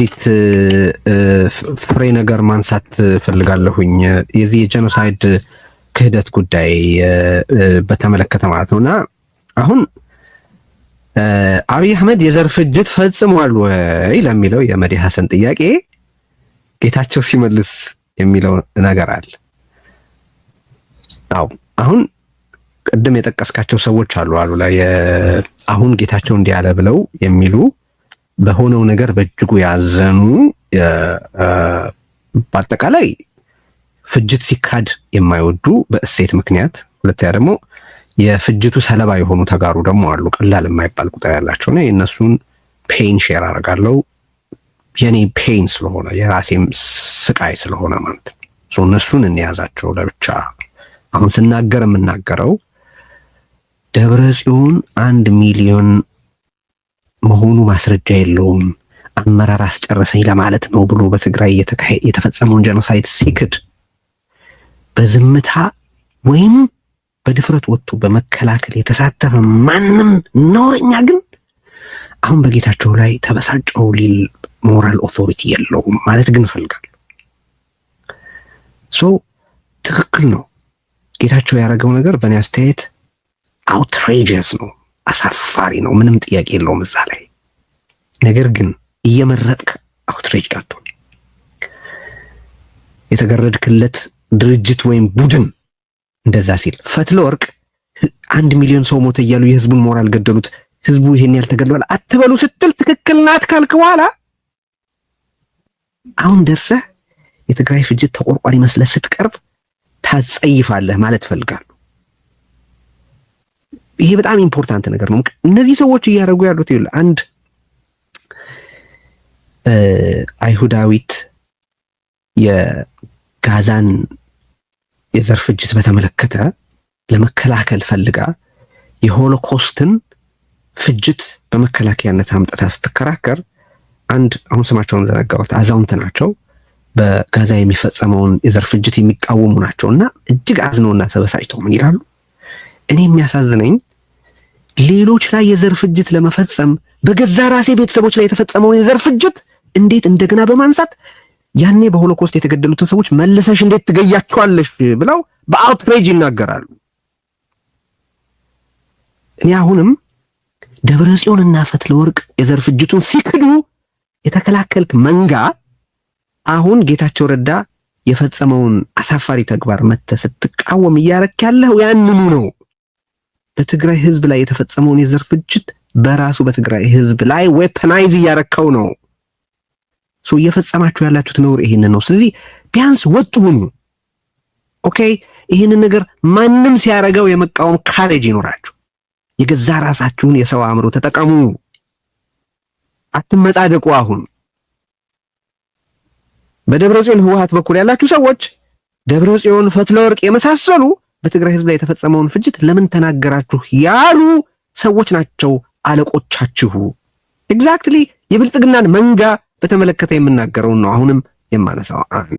አንዲት ፍሬ ነገር ማንሳት ፈልጋለሁኝ የዚህ የጀኖሳይድ ክህደት ጉዳይ በተመለከተ ማለት ነው እና አሁን አብይ አህመድ የዘር ፍጅት ፈጽሟል ወይ ለሚለው የመዲ ሀሰን ጥያቄ ጌታቸው ሲመልስ የሚለው ነገር አለ። አዎ አሁን ቅድም የጠቀስካቸው ሰዎች አሉ አሉ ላይ አሁን ጌታቸው እንዲህ አለ ብለው የሚሉ በሆነው ነገር በእጅጉ ያዘኑ በአጠቃላይ ፍጅት ሲካድ የማይወዱ በእሴት ምክንያት፣ ሁለተኛ ደግሞ የፍጅቱ ሰለባ የሆኑ ተጋሩ ደግሞ አሉ። ቀላል የማይባል ቁጥር ያላቸውና የእነሱን ፔን ሼር አደርጋለሁ። የኔ ፔን ስለሆነ የራሴም ስቃይ ስለሆነ ማለት ነው። እነሱን እንያዛቸው ለብቻ። አሁን ስናገር የምናገረው ደብረ ጽዮን አንድ ሚሊዮን መሆኑ ማስረጃ የለውም፣ አመራር አስጨረሰኝ ለማለት ነው ብሎ በትግራይ የተፈጸመውን ጀኖሳይድ ሲክድ በዝምታ ወይም በድፍረት ወጥቶ በመከላከል የተሳተፈ ማንም ነውረኛ ግን አሁን በጌታቸው ላይ ተበሳጨው ሊል ሞራል ኦቶሪቲ የለውም ማለት ግን እፈልጋለሁ። ሶ ትክክል ነው ጌታቸው ያደረገው ነገር በእኔ አስተያየት አውትሬጀስ ነው። አሳፋሪ ነው። ምንም ጥያቄ የለውም እዛ ላይ። ነገር ግን እየመረጥክ አውትሬጅ ዳትሆን የተገረድክለት ድርጅት ወይም ቡድን እንደዛ ሲል ፈትለ ወርቅ አንድ ሚሊዮን ሰው ሞተ እያሉ የህዝቡን ሞራል ገደሉት፣ ህዝቡ ይሄን ያህል አትበሉ ስትል ትክክል ናት ካልክ በኋላ አሁን ደርሰህ የትግራይ ፍጅት ተቆርቋሪ መስለህ ስትቀርብ ታጸይፋለህ ማለት እፈልጋለሁ። ይሄ በጣም ኢምፖርታንት ነገር ነው። እነዚህ ሰዎች እያደረጉ ያሉት ይኸውልህ፣ አንድ አይሁዳዊት የጋዛን የዘር ፍጅት በተመለከተ ለመከላከል ፈልጋ የሆሎኮስትን ፍጅት በመከላከያነት አምጥታ ስትከራከር አንድ አሁን ስማቸውን ዘነጋሁት አዛውንት ናቸው። በጋዛ የሚፈጸመውን የዘር ፍጅት የሚቃወሙ ናቸው እና እጅግ አዝነውና ተበሳጭተው ምን ይላሉ? እኔ የሚያሳዝነኝ ሌሎች ላይ የዘር ፍጅት ለመፈጸም በገዛ ራሴ ቤተሰቦች ላይ የተፈጸመውን የዘር ፍጅት እንዴት እንደገና በማንሳት ያኔ በሆሎኮስት የተገደሉትን ሰዎች መልሰሽ እንዴት ትገያቸዋለሽ ብለው በአውትሬጅ ይናገራሉ። እኔ አሁንም ደብረ ጽዮንና ፈትለ ወርቅ የዘር ፍጅቱን ሲክዱ የተከላከልክ መንጋ አሁን ጌታቸው ረዳ የፈጸመውን አሳፋሪ ተግባር መተህ ስትቃወም እያረክ ያለው ያንኑ ነው። በትግራይ ህዝብ ላይ የተፈጸመውን የዘር ፍጅት በራሱ በትግራይ ህዝብ ላይ ዌፐናይዝ እያረከው ነው። ሶ እየፈጸማችሁ ያላችሁት ነውር ይሄንን ነው። ስለዚህ ቢያንስ ወጡ ሁኑ። ኦኬ፣ ይህንን ነገር ማንም ሲያረገው የመቃወም ካሬጅ ይኖራችሁ። የገዛ ራሳችሁን የሰው አእምሮ ተጠቀሙ። አትመጻደቁ። አሁን በደብረ ጽዮን ህወሓት በኩል ያላችሁ ሰዎች ደብረ ጽዮን፣ ፈትለወርቅ የመሳሰሉ በትግራይ ህዝብ ላይ የተፈጸመውን ፍጅት ለምን ተናገራችሁ ያሉ ሰዎች ናቸው አለቆቻችሁ። ኤግዛክትሊ የብልጽግናን መንጋ በተመለከተ የምናገረውን ነው አሁንም የማነሳው።